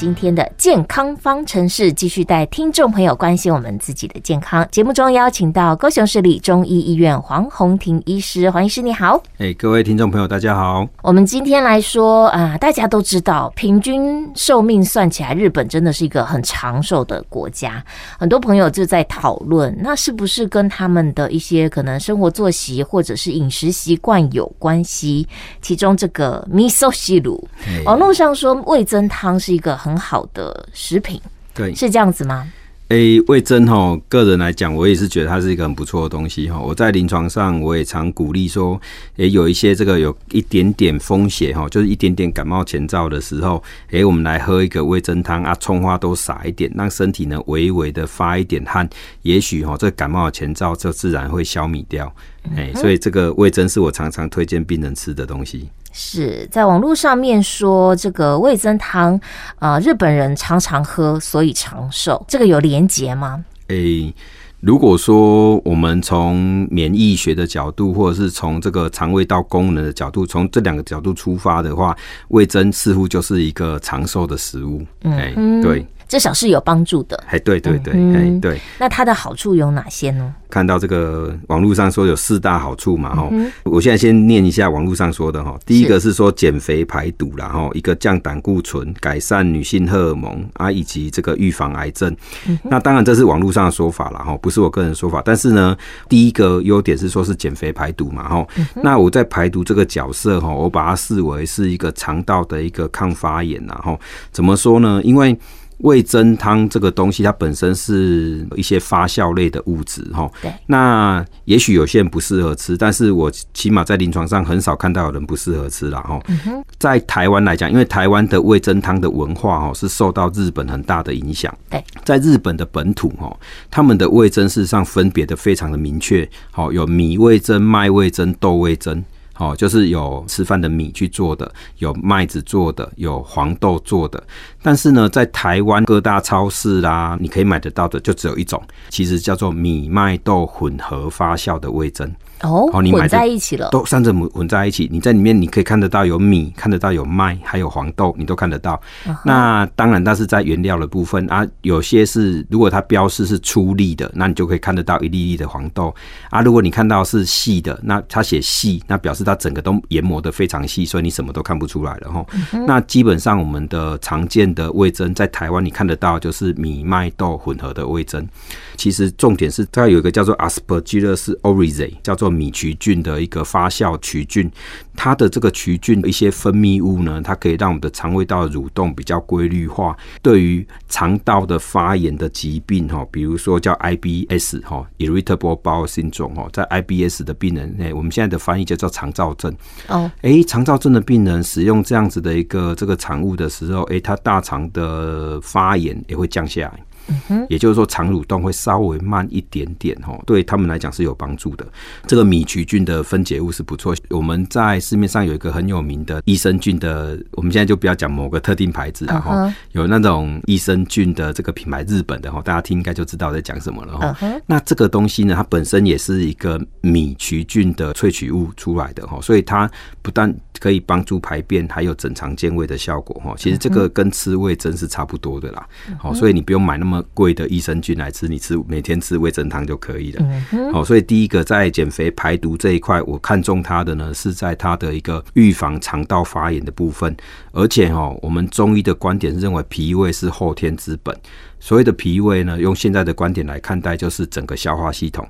今天的健康方程式繼續帶聽眾朋友關心我們自己的健康。節目中邀請到高雄市立中醫醫院黃宏庭醫師，黃醫師你好。哎，各位聽眾朋友大家好。我們今天來說啊，大家都知道平均壽命算起來，日本真的是一個很長壽的國家。很多朋友就在討論，那是不是跟他們的一些可能生活作息或者是飲食習慣有關係？其中這個味噌西魯，網絡上說味噌湯是一個很很好，好的食品，對，是這樣子嗎？誒、欸，味噌。哈，個人來講，我也是覺得它是一個很不錯的東西哈。我在臨床上我也常鼓勵說，誒、欸，有一些這個有一點點風險哈，就是一點點感冒前兆的時候，誒、欸，我們來喝一個味噌湯啊，蔥花都撒一點，讓身體呢微微的發一點汗，也許哈，這感冒前兆就自然會消滅掉、嗯哼欸。所以這個味噌是我常常推薦病人吃的東西。是在網絡上面說這個味噌湯啊，日本人常常喝，所以長壽。這個有連結嗎？誒、欸，如果說我們從免疫學的角度，或者是從這個腸胃道功能的角度，從這兩個角度出發的話，味噌似乎就是一個長壽的食物。誒、欸，嗯、哼對。至少是有幫助的，哎，hey, 對對對，哎、嗯哼，hey, 對，那它的好處有哪些呢？看到這個網絡上說有四大好處嘛，哈、嗯哼，我現在先念一下網絡上說的哈。第一個是說減肥排毒啦哈，是一個降膽固醇，改善女性荷爾蒙啊，以及這個預防癌症。嗯、哼那當然這是網絡上的說法了哈，不是我個人說法。但是呢，第一個優點是說是減肥排毒嘛，哈、嗯哼。那我在排毒這個角色哈，我把它視為是一個腸道的一個抗發炎，然後怎麼說呢？因為味噌湯這個東西，它本身是一些發酵類的物質，哈對。那也許有些人不適合吃，但是我起碼在臨床上很少看到有人不適合吃了，哈。嗯哼。在台灣來講，因為台灣的味噌湯的文化，哈，是受到日本很大的影響。對在日本的本土，哈，他們的味噌事實上分別的非常的明確，哈，有米味噌、麥味噌、豆味噌。哦，就是有吃飯的米去做的，有麥子，做的，有黃豆做的。但是呢，在台灣各大超市啦、啊，你可以買得到的就只有一種，其實叫做米麥豆混合發酵的味噌。哦，你混在一起了，都三者混混在一起。你在裡面你可以看得到有米，看得到有麥，還有黃豆，你都看得到。Uh huh. 那當然，它是在原料的部分啊。有些是如果它標示是粗粒的，那你就可以看得到一粒粒的黃豆啊。如果你看到是細的，那它寫細，那表示它整個都研磨得非常細，所以你什麼都看不出來了哈。吼 uh huh. 那基本上我們的常見的味噌在台灣你看得到就是米麥豆混合的味噌。其實重點是它有一個叫做 Aspergillus oryzae 叫做米曲菌的一個發酵曲菌，它的這個曲菌的一些分泌物呢，它可以讓我們的腸胃道的蠕動比較規律化。對於腸道的發炎的疾病哈，比如說叫 IBS 哈，Irritable Bowel Syndrome 在 IBS 的病人哎、欸，我們現在的翻譯叫做腸燥症哦。誒、oh. 欸，腸燥症的病人使用這樣子的一個這個產物的時候，誒、欸，他大腸的發炎也會降下來。也就是說，腸蠕動會稍微慢一點點哦，對他們來講是有幫助的。這個米曲菌的分解物是不錯，我們在市面上有一個很有名的益生菌的，我們現在就不要講某個特定牌子了。哈，有那種益生菌的這個品牌，日本的哈，大家聽應該就知道在講什麼了哈。那這個東西呢，它本身也是一個米曲菌的萃取物出來的哈，所以它不但可以幫助排便，還有整腸健胃的效果哈。其實這個跟吃味噌是差不多的啦，好，所以你不用買那麼，貴的益生菌來吃，你吃每天吃味噌湯，就可以了。好、哦，所以第一個在減肥排毒這一塊，我看中它的呢，是在它的一個預防腸道發炎的部分。而且哦，我們中醫的觀點認為脾胃是後天之本。所謂的脾胃呢，用現在的觀點來看待，就是整個消化系統。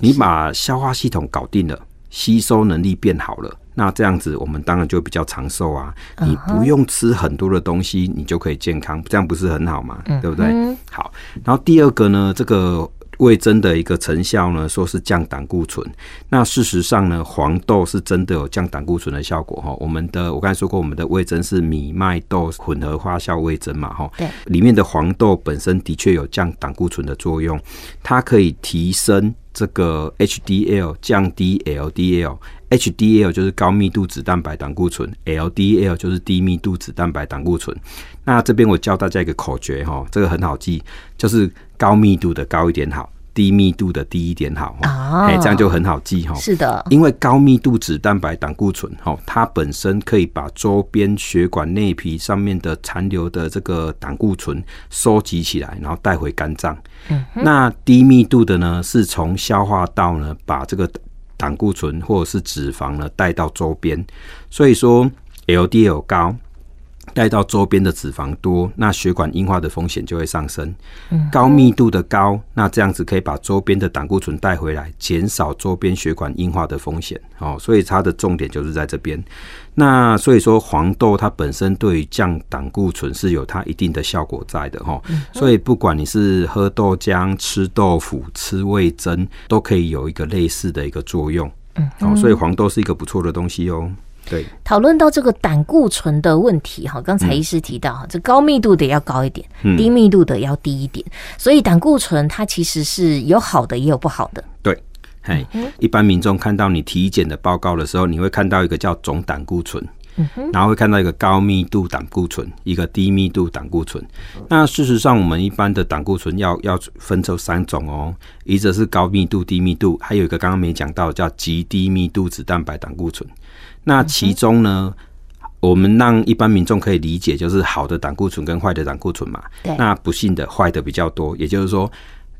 你把消化系統搞定了，吸收能力變好了，那這樣子我們當然就比較長壽啊！Uh huh. 你不用吃很多的東西，你就可以健康，這樣不是很好嗎？Uh huh. 對不對？好，然後第二個呢，這個。味噌的一個成效呢，說是降膽固醇。那事實上呢，黃豆是真的有降膽固醇的效果哈。我們的我剛才說過，我們的味噌是米麥豆混合發酵味噌嘛哈。對。裡面的黃豆本身的確有降膽固醇的作用，它可以提升這個 HDL，降低 LDL。HDL 就是高密度脂蛋白膽固醇，LDL 就是低密度脂蛋白膽固醇。那這邊我教大家一個口訣哈，這個很好記，就是。高密度的高一點好，低密度的低一點好，哈、oh，這樣就很好記哈。是的，因為高密度脂蛋白膽固醇，哈，它本身可以把周邊血管內皮上面的殘留的這個膽固醇收集起來，然後帶回肝臟。Oh，那低密度的呢，是從消化道呢把這個膽固醇或者是脂肪呢帶到周邊，所以說 LDL 高。帶到周邊的脂肪多，那血管硬化的風險就會上升。嗯哼，高密度的高，那這樣子可以把周邊的膽固醇帶回來，減少周邊血管硬化的風險。哦。所以它的重點就是在這邊。那所以說，黃豆它本身對於降膽固醇是有它一定的效果在的哈。哦嗯、哼所以不管你是喝豆漿、吃豆腐、吃味噌，都可以有一個類似的一個作用。嗯哼，好、哦，所以黃豆是一個不錯的東西哦。對，討論到這個膽固醇的問題哈，剛才醫師提到哈，嗯、這高密度的要高一點，嗯、低密度的要低一點，所以膽固醇它其實是有好的也有不好的。對，嗯、哼嘿，一般民眾看到你體檢的報告的時候，你會看到一個叫總膽固醇，嗯、哼然後會看到一個高密度膽固醇，一個低密度膽固醇。那事實上，我們一般的膽固醇要要分成三種哦，一個是高密度、低密度，還有一個剛剛沒講到叫極低密度脂蛋白膽固醇。那其中呢，嗯、哼我們讓一般民眾可以理解，就是好的膽固醇跟壞的膽固醇嘛。對那不幸的壞的比較多，也就是說，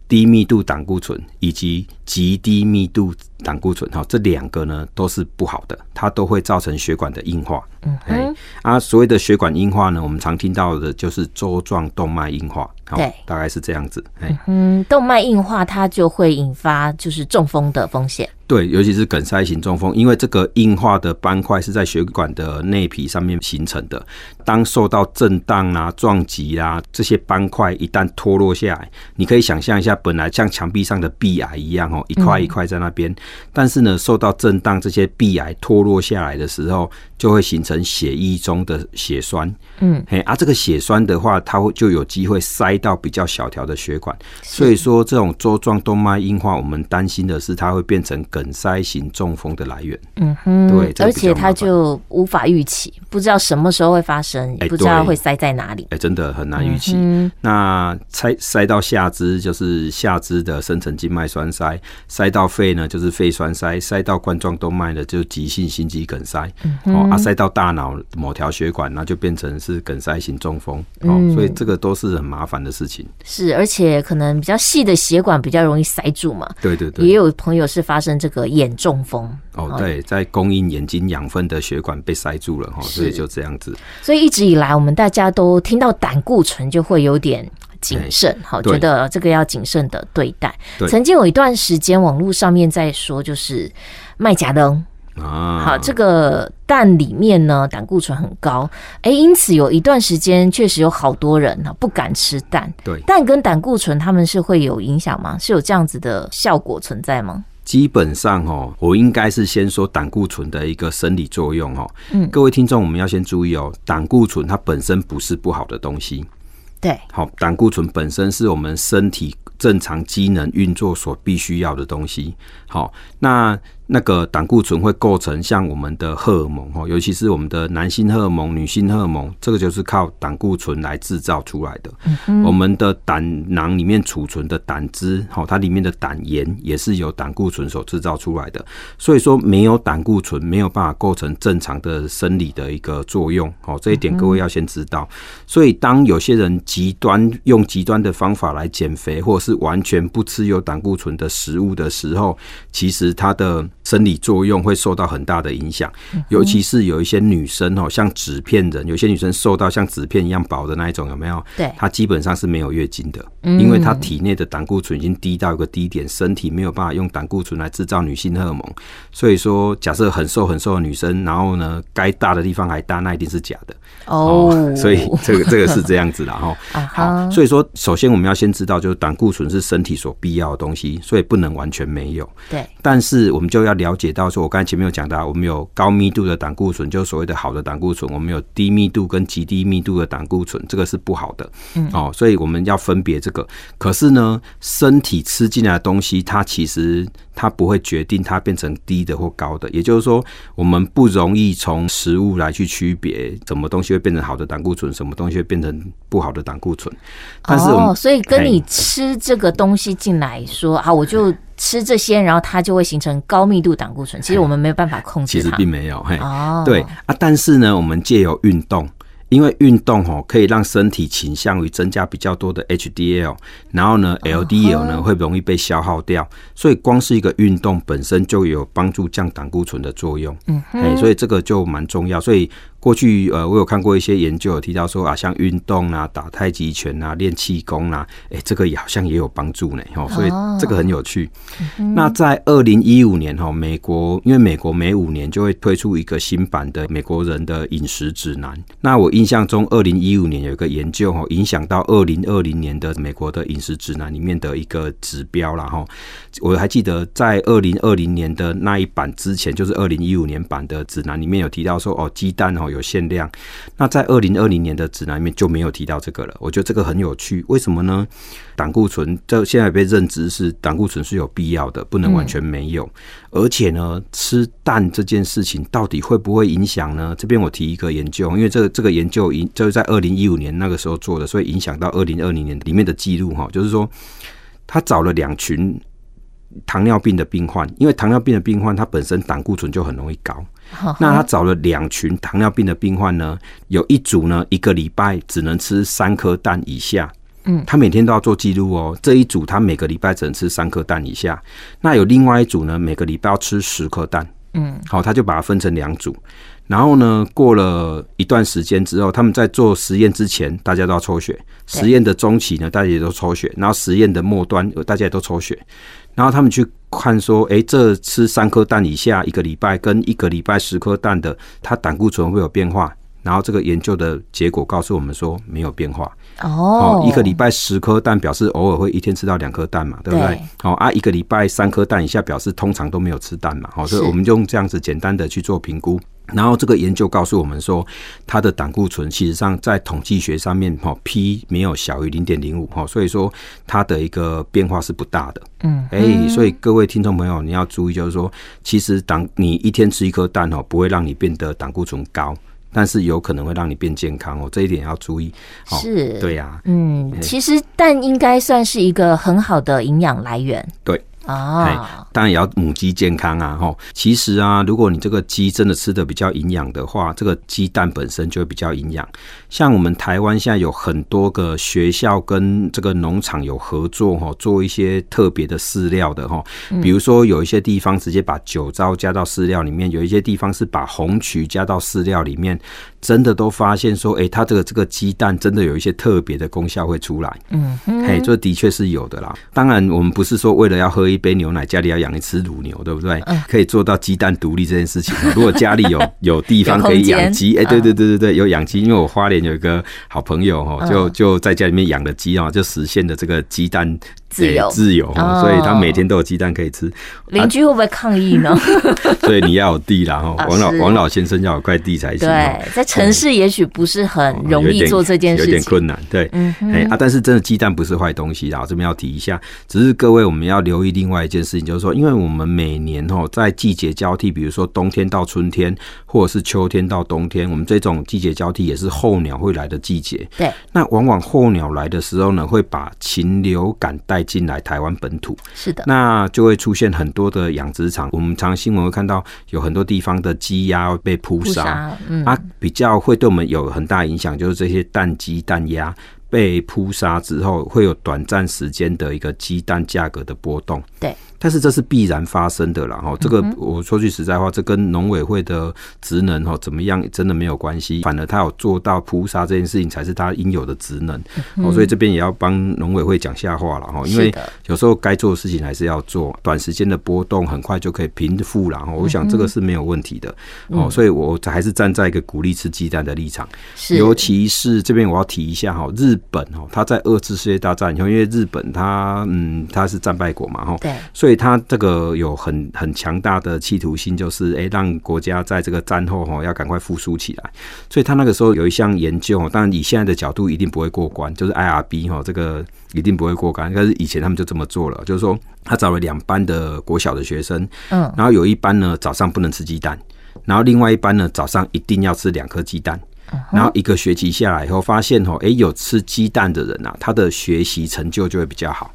低密度膽固醇以及極低密度膽固醇，哈，這兩個呢都是不好的，它都會造成血管的硬化。嗯哼、欸、啊，所謂的血管硬化呢，我們常聽到的就是粥狀動脈硬化。好，大概是這樣子。哎對，嗯，動脈硬化它就會引發就是中風的風險。對，尤其是梗塞型中風，因為這個硬化的斑塊是在血管的內皮上面形成的。當受到震盪啊、撞擊啊，這些斑塊一旦脫落下來，你可以想象一下，本來像牆壁上的壁癌一樣哦，一塊一塊在那邊。嗯、但是呢，受到震盪，這些壁癌脫落下來的時候，就會形成血液中的血栓。嗯，嘿、欸，啊，這個血栓的話，它會就有機會塞。塞到比較小條的血管，所以說這種粥狀動脈硬化，我們擔心的是它會變成梗塞型中風的來源。嗯哼，對，而且它就無法預期，不知道什麼時候會發生，也不知道會塞在哪裡。哎、欸，欸、真的很難預期。嗯、哼那塞塞到下肢就是下肢的深層靜脈栓塞，塞到肺呢就是肺栓塞，塞到冠狀動脈的就急性心肌梗塞。哦、嗯哼，啊，塞到大腦某條血管，那就變成是梗塞型中風。嗯、哼哦，所以這個都是很麻煩的事情是，而且可能比較細的血管比較容易塞住嘛。對對對，也有朋友是發生這個眼中風哦。對，在供應眼睛養分的血管被塞住了哈，是所以就這樣子。所以一直以來，我們大家都聽到膽固醇就會有點謹慎，好對、哦，覺得這個要謹慎的對待。對曾經有一段時間，網絡上面在說，就是賣假燈。啊，好，這個蛋裡面呢，膽固醇很高，哎，因此有一段時間確實有好多人呢不敢吃蛋。對，蛋跟膽固醇他們是會有影響嗎？是有這樣子的效果存在嗎？基本上哦，我應該是先說膽固醇的一個生理作用哦。嗯，各位聽眾，我們要先注意哦，膽固醇它本身不是不好的東西。對，好，膽固醇本身是我們身體正常機能運作所必須要的東西。好，那。那個膽固醇會構成像我們的荷爾蒙哦，尤其是我們的男性荷爾蒙、女性荷爾蒙，這個就是靠膽固醇來製造出來的。嗯、哼我們的膽囊裡面儲存的膽汁，哈，它裡面的膽鹽也是由膽固醇所製造出來的。所以說，沒有膽固醇沒有辦法構成正常的生理的一個作用。哦，這一點各位要先知道。嗯、哼所以，當有些人極端用極端的方法來減肥，或者是完全不吃有膽固醇的食物的時候，其實它的生理作用會受到很大的影響，嗯、哼尤其是有一些女生哦、喔，像紙片人，有些女生瘦到像紙片一樣薄的那一種，有沒有？對，她基本上是沒有月經的，嗯、因為她體內的膽固醇已經低到一個低點，身體沒有辦法用膽固醇來製造女性荷爾蒙，所以說，假設很瘦很瘦的女生，然後呢，該大的地方還大，那一定是假的哦，哦。所以這個這個是這樣子的哈。 哦、好，所以說，首先我們要先知道，就是膽固醇是身體所必要的東西，所以不能完全沒有。對，但是我們就要。了解到說，我剛才前面有講到，我們有高密度的膽固醇，就是所謂的好的膽固醇；我們有低密度跟極低密度的膽固醇，這個是不好的。嗯，哦，所以我們要分別這個。可是呢，身體吃進來的東西，它其實它不會決定它變成低的或高的。也就是說，我們不容易從食物來去區別什麼東西會變成好的膽固醇，什麼東西會變成不好的膽固醇。但是哦，所以跟你吃這個東西進來說，說啊嘿，我就、嗯。吃這些，然後它就會形成高密度膽固醇。其實我們沒有辦法控制它，其實並沒有嘿、哦、對啊，但是呢，我們借由運動，因為運動哦可以讓身體傾向於增加比較多的 HDL，然後呢 LDL 呢、哦、會容易被消耗掉，所以光是一個運動本身就有幫助降膽固醇的作用。嗯哼嘿，所以這個就蠻重要，所以。過去呃，我有看過一些研究有提到說啊，像運動啊、打太極拳啊、練氣功啊，哎、欸，這個也好像也有幫助呢。哦，所以這個很有趣。Oh. 那在二零一五年哈，美國因為美國每五年就會推出一個新版的美國人的飲食指南。那我印象中，二零一五年有一個研究哈，影響到二零二零年的美國的飲食指南裡面的一個指標然哈。我還記得在二零二零年的那一版之前，就是二零一五年版的指南裡面有提到說哦，雞蛋哦。有限量，那在二零二零年的指南裡面就沒有提到這個了。我覺得這個很有趣，為什麼呢？膽固醇這現在被認知是膽固醇是有必要的，不能完全沒有。嗯、而且呢，吃蛋這件事情到底會不會影響呢？這邊我提一個研究，因為這個、這個研究影就是在二零一五年那個時候做的，所以影響到二零二零年裡面的記錄哈。就是說，他找了兩群糖尿病的病患，因為糖尿病的病患他本身膽固醇就很容易高。那他找了兩群糖尿病的病患呢，有一組呢，一個禮拜只能吃三顆蛋以下。嗯，他每天都要做記錄哦。這一組他每個禮拜只能吃三顆蛋以下。那有另外一組呢，每個禮拜要吃十顆蛋。嗯，好，他就把它分成兩組。然後呢，過了一段時間之後，他們在做實驗之前，大家都要抽血。實驗的中期呢，大家也都抽血。然後實驗的末端，大家也都抽血。然後他們去。看說，哎、欸，這吃三顆蛋以下一個禮拜，跟一個禮拜十顆蛋的，它膽固醇會，會有變化。然後這個研究的結果告訴我們說，沒有變化。Oh. 哦，一個禮拜十顆蛋表示偶爾會一天吃到兩顆蛋嘛，對不對？好對、哦、啊，一個禮拜三顆蛋以下表示通常都沒有吃蛋嘛。好、哦，所以我們就用這樣子簡單的去做評估。然後這個研究告訴我們說，它的膽固醇其實上在統計學上面哈，p 沒有小於零點零五哈，所以說它的一個變化是不大的。嗯，哎、欸，所以各位聽眾朋友你要注意，就是說，其實當你一天吃一顆蛋哦，不會讓你變得膽固醇高，但是有可能會讓你變健康哦，這一點要注意。哦、是，對呀、啊，嗯，其實蛋應該算是一個很好的營養來源。對。啊，oh. 當然也要母雞健康啊，吼。其實啊，如果你這個雞真的吃得比較營養的話，這個雞蛋本身就會比較營養。像我們台灣現在有很多個學校跟這個農場有合作，哈，做一些特別的飼料的，哈。比如說有一些地方直接把酒糟加到飼料裡面，嗯、有一些地方是把紅麴加到飼料裡面。真的都發現說，哎、欸，它這個這個雞蛋真的有一些特別的功效會出來，嗯哼，哎，這的確是有的啦。當然，我們不是說為了要喝一杯牛奶，家裡要養一隻乳牛，對不對？嗯、可以做到雞蛋獨立這件事情。如果家裡有有地方可以養雞，哎 間，對、欸、對對對對，有養雞。因為我花蓮有一個好朋友哈、喔，嗯、就就在家裡面養了雞啊，就實現了這個雞蛋、欸、自由自由、喔，所以他每天都有雞蛋可以吃。鄰、哦啊、居會不會抗議呢？ 所以你要有地啦、喔。哈、啊，王老王老先生要有塊地才行、喔。在。城市也許不是很容易做這件事情，嗯、有一點，有點困難。對，嗯哼，哎啊，但是真的雞蛋不是壞東西，然後這邊要提一下，只是各位我們要留意另外一件事情，就是說，因為我們每年哦，在季節交替，比如說冬天到春天，或者是秋天到冬天，我們這種季節交替也是候鳥會來的季節。對、嗯，那往往候鳥來的時候呢，會把禽流感帶進來台灣本土。是的，那就會出現很多的養殖場，我們常常新聞會看到有很多地方的雞鴨被撲殺，嗯，啊比較。會對我們有很大影響，就是這些蛋雞、蛋鴨被撲殺之後，會有短暫時間的一個雞蛋價格的波動。對。但是這是必然發生的了哈，這個我說句實在話，這跟農委會的職能哈怎麼樣真的沒有關係，反而他有做到撲殺這件事情才是他應有的職能哦，所以這邊也要幫農委會講下話了哈，因為有時候該做的事情還是要做，短時間的波動很快就可以平復了，然後我想這個是沒有問題的哦，所以我還是站在一個鼓勵吃雞蛋的立場，尤其是這邊我要提一下哈，日本哦，他在二次世界大戰以後，因為日本它嗯它是戰敗國嘛哈，對，所以。他這個有很很強大的企圖心，就是誒、欸、讓國家在這個戰後吼要趕快復蘇起來。所以，他那個時候有一項研究，當然以現在的角度一定不會過關，就是 IRB 吼這個一定不會過關，但是以前他們就這麼做了，就是說他找了兩班的國小的學生，嗯，然後有一班呢早上不能吃雞蛋，然後另外一班呢早上一定要吃兩顆雞蛋，然後一個學期下來以後發現吼，誒、欸，有吃雞蛋的人吶、啊，他的學習成就就會比較好。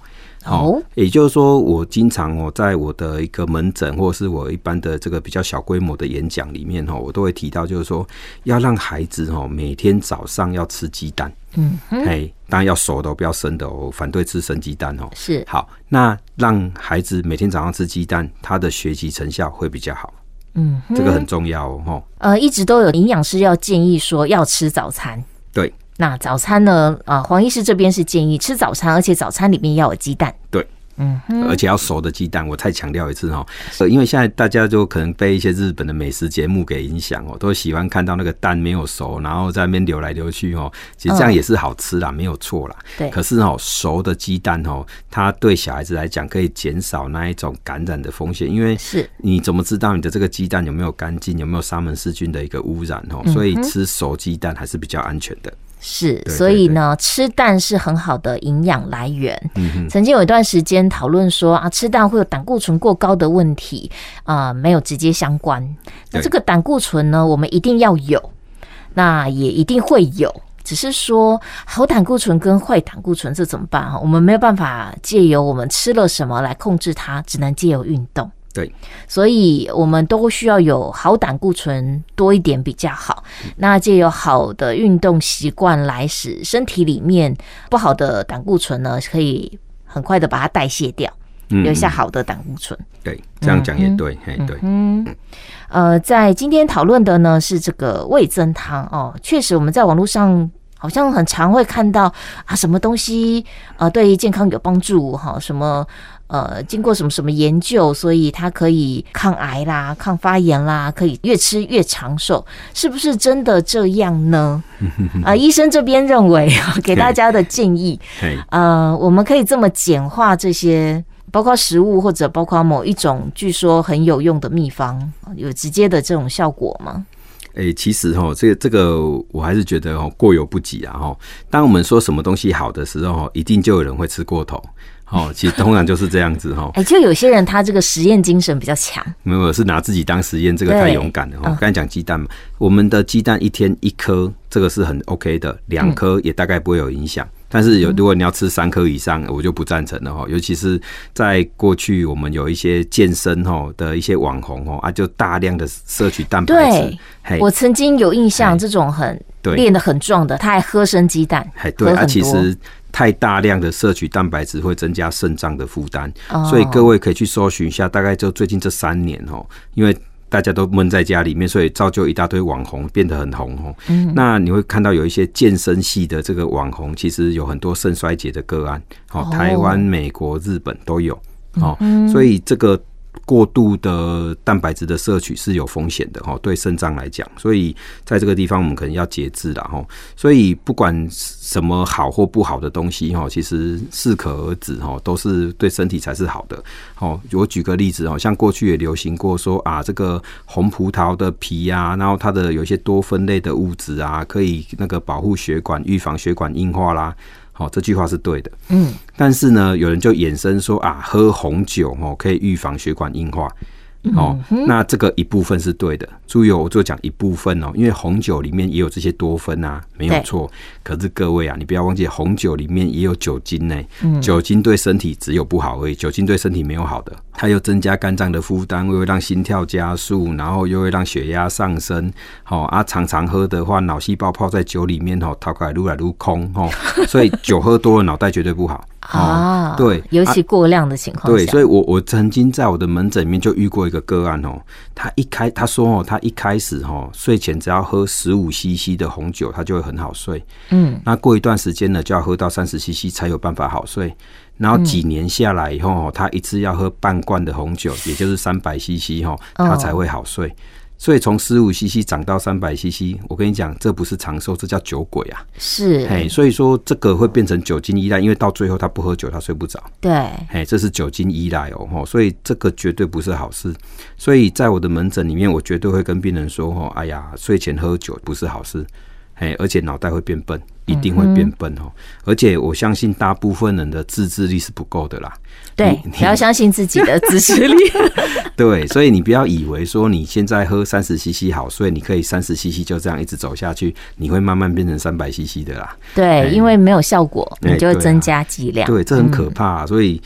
哦，也就是說，我經常我在我的一個門診，或是我一般的這個比較小規模的演講裡面哈，我都會提到，就是說要讓孩子哦每天早上要吃雞蛋，嗯哼，嘿，當然要熟的，不要生的哦，反對吃生雞蛋哦。是，好，那讓孩子每天早上吃雞蛋，他的學習成效會比較好，嗯哼，這個很重要哦，呃，一直都有營養師要建議說要吃早餐，對。那早餐呢？啊，黃醫師這邊是建議吃早餐，而且早餐裡面要有雞蛋。對，嗯哼，而且要熟的雞蛋。我再強調一次哈，呃，因為現在大家就可能被一些日本的美食節目給影響哦，都喜歡看到那個蛋沒有熟，然後在那邊流來流去哦。其實這樣也是好吃啦，嗯、沒有錯啦。對。可是哦，熟的雞蛋哦，它對小孩子來講可以減少那一種感染的風險，因為是，你怎麼知道你的這個雞蛋有沒有乾淨，有沒有沙門氏菌的一個污染哦？所以吃熟雞蛋還是比較安全的。是，所以呢，吃蛋是很好的營養來源。嗯哼。曾經有一段時間討論說啊，吃蛋會有膽固醇過高的問題啊，呃，沒有直接相關。那這個膽固醇呢，我們一定要有，那也一定會有，只是說好膽固醇跟壞膽固醇這怎麼辦？我們沒有辦法借由我們吃了什麼來控制它，只能借由運動。對，所以我們都需要有好膽固醇多一點比較好。嗯、那借由好的運動習慣來使身體裡面不好的膽固醇呢，可以很快的把它代謝掉，留下好的膽固醇。嗯嗯，對，這樣講也對，嗯、哼對。嗯，呃，在今天討論的呢是這個味噌湯哦，確實我們在網絡上好像很常會看到啊，什麼東西啊對健康有幫助哈、啊，什麼。呃，經過什麼什麼研究，所以它可以抗癌啦、抗發炎啦，可以越吃越長壽，是不是真的這樣呢？ 啊，醫生這邊認為，給大家的建議，對呃，我們可以這麼簡化這些，對包括食物或者包括某一種據說很有用的秘方，有直接的這種效果嗎？誒、欸，其實哦，這個這個我還是覺得哦，過猶不及啊哈。當我們說什麼東西好的時候，一定就有人會吃過頭。哦，其實通常就是這樣子哈。哎，就有些人他這個實驗精神比較強。沒有，是拿自己當實驗，這個太勇敢了。我、嗯、剛才講雞蛋嘛，我們的雞蛋一天一顆，這個是很 OK 的，兩顆也大概不會有影響。嗯、但是有，如果你要吃三顆以上，我就不贊成了。哈。尤其是在過去，我們有一些健身吼的一些網紅哦啊，就大量的攝取蛋白質。對，嘿我曾經有印象，這種很練得很壯的，他還喝生雞蛋。還對，他、啊、其實。太大量的攝取蛋白質會增加腎臟的負擔，所以各位可以去搜尋一下，大概就最近這三年哦，因為大家都悶在家裡面，所以造就一大堆網紅變得很紅哦。那你會看到有一些健身系的這個網紅，其實有很多腎衰竭的個案，哦，台灣、美國、日本都有哦，所以這個。過度的蛋白質的攝取是有風險的哈，對腎臟來講，所以在這個地方我們可能要節制了吼，所以不管什麼好或不好的東西哈，其實適可而止哈，都是對身體才是好的。哦，我舉個例子哦，像過去也流行過說啊，這個紅葡萄的皮呀、啊，然後它的有一些多酚類的物質啊，可以那個保護血管、預防血管硬化啦。哦，喔、這句話是對的。嗯，但是呢，有人就衍生說啊，喝紅酒哦、喔，可以預防血管硬化。哦，那這個一部分是對的。注意，我就講一部分哦，因為紅酒裡面也有這些多酚啊，沒有錯。對可是各位啊，你不要忘記，紅酒裡面也有酒精呢。嗯、酒精對身體只有不好而已，酒精對身體沒有好的。它又增加肝臟的負擔，又會讓心跳加速，然後又會讓血壓上升。哦啊，常常喝的話，腦細胞泡在酒裡面哦，掏個擼來擼空哦，所以酒喝多了，腦 袋絕對不好。啊、oh, 嗯，對，尤其過量的情況下，啊、對，所以我我曾經在我的門診裡面就遇過一個個案哦，他一開他說哦，他一開始哦，睡前只要喝十五 CC 的紅酒，他就會很好睡，嗯，那過一段時間呢，就要喝到三十 CC 才有辦法好睡，然後幾年下來以後哦，他一次要喝半罐的紅酒，嗯、也就是三百 CC 哈，他才會好睡。Oh. 所以從十五 CC 漲到三百 CC，我跟你講，這不是長壽，這叫酒鬼啊！是，哎，所以說這個會變成酒精依賴，因為到最後他不喝酒，他睡不着。對，哎，這是酒精依賴哦，吼，所以這個絕對不是好事。所以在我的門診裡面，我絕對會跟病人說，吼，哎呀，睡前喝酒不是好事。欸，而且腦袋會變笨，一定會變笨哦。嗯、哼而且我相信大部分人的自制力是不夠的啦。對，欸、你要相信自己的自制力。 對，所以你不要以為說你現在喝三十 cc 好，所以你可以三十 cc 就這樣一直走下去，你會慢慢變成三百 cc 的啦。對，欸、因為沒有效果，欸、你就會增加劑量。對，啊嗯、對，這很可怕、啊。所以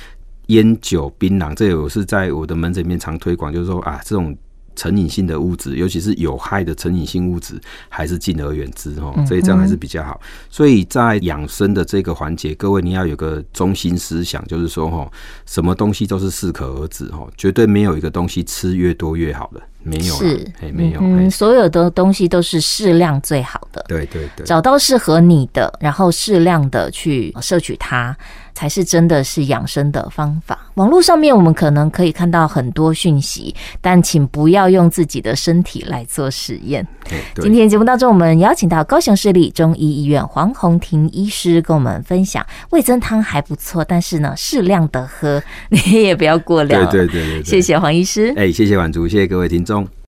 菸酒檳榔，嗯、這我是在我的門診裡面常推廣，就是說啊，這種。成癮性的物質，尤其是有害的成癮性物質，還是敬而遠之，嗯、哼所以這樣還是比較好。所以在養生的這個環節，各位你要有個中心思想，就是說哈，什麼東西都是適可而止哈，絕對沒有一個東西吃越多越好的，沒有是，哎，沒有，嗯、哼嘿所有的東西都是適量最好的，對對對，找到適合你的，然後適量的去攝取它，才是真的是養生的方法。網絡上面我們可能可以看到很多訊息，但請不要用自己的身體來做實驗。欸、對，今天節目當中，我們邀請到高雄市立中醫醫院黃宏庭醫師，跟我們分享味噌湯還不錯，但是呢，適量的喝，你也不要過量。對對對對，對，謝謝黃醫師。哎、欸，謝謝滿足，謝謝各位聽眾。